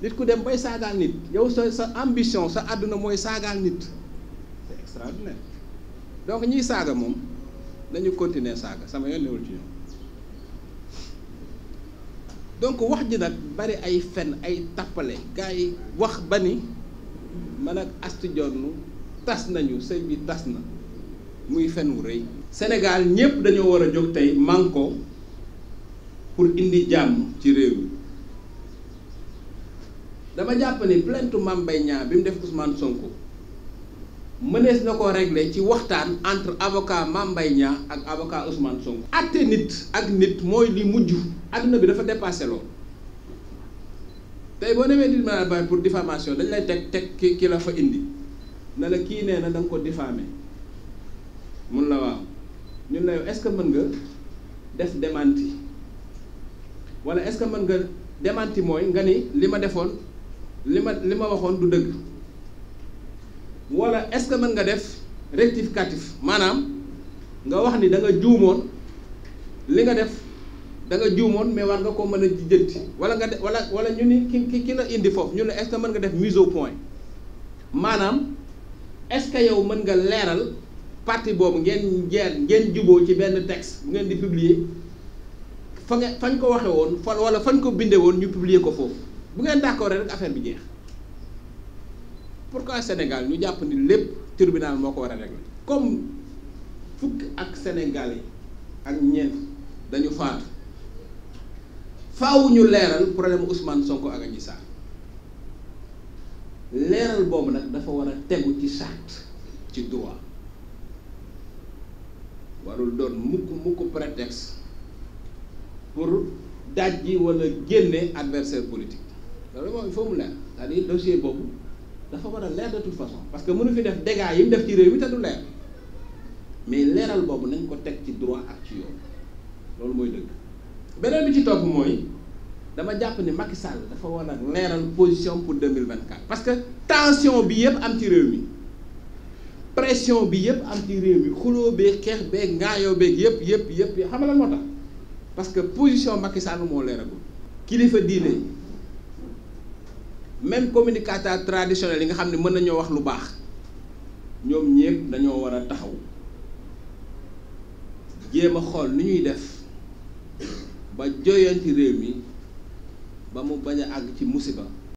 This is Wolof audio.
nit dem nit sa ambition sa c'est extraordinaire donc ñiy saaga moom nañu continuer saaga sama yoon newul ci donc wax bari ay fen ay gars wax ba man ak tas nañu fait bi na muy fen wu Sénégal ñëpp manko pour indi dama jàpp ni plainte Mame Mbaye Niang bi mu def Ousmane Sonko mënees na ko régler ci waxtaan entre avocat Mame Mbaye Niang ak avocat Ousmane Sonko. atte nit ak nit mooy li mujj adduna bi dafa dépassé loolu tey boo di ma bay pour diffamation dañ lay teg teg ki ki la fa indi na la kii nee na da ko diffamé mun la waaw ñun la yow est-ce que mën nga def démenti wala est-ce que mën nga démenti mooy nga ni li ma li ma waxoon du dëgg wala est-ce que mën nga def rectificatif maanaam nga wax ni da nga juumoon li nga def danga nga juumoon mais war nga ko mën a jënti wala nga def wala wala ñu ni ki ki ki la indi foofu ñu ne est-ce que mën nga def mise au point maanaam est-ce yow mën nga leeral partie boobu ngeen ngeen ngeen juboo ci benn texte bu ngeen di publier fa nga fañ ko waxe woon fa wala fañ ko binde woon ñu publier ko foofu bu ngeen d'accord rek affaire bi jeex pourquoi Sénégal ñu jàpp ni lépp tribunal moo ko war a régler comme fukk ak Sénégal yi ak ñeent dañu faatu faaw ñu leeral problème Ousmane Sonko ak Adji Sarr leeral boobu nag dafa war a ci charte ci droit warul doon mukk mukk prétexte pour daj wala génne adversaire politique Il faut il faut mu c'est-à-dire dossier boobu dafa war de toute façon parce que mënu fi def dégâts def ci réew mi mais leeral boobu nañ ko teg ci droit ak ci yoon dëgg ci dama Macky Sall position pour 2024 parce que tension bi yëpp pression bi yëpp am ci réew mi lan tax parce que position Macky Sall moo leeragul kilifa même communicateur traditionnel yi nga xam ne mën nañoo wax lu baax ñoom ñépp dañoo war a taxaw jéem a xool li ñuy def ba joyanti réew mi ba mu bañ a àgg ci musiba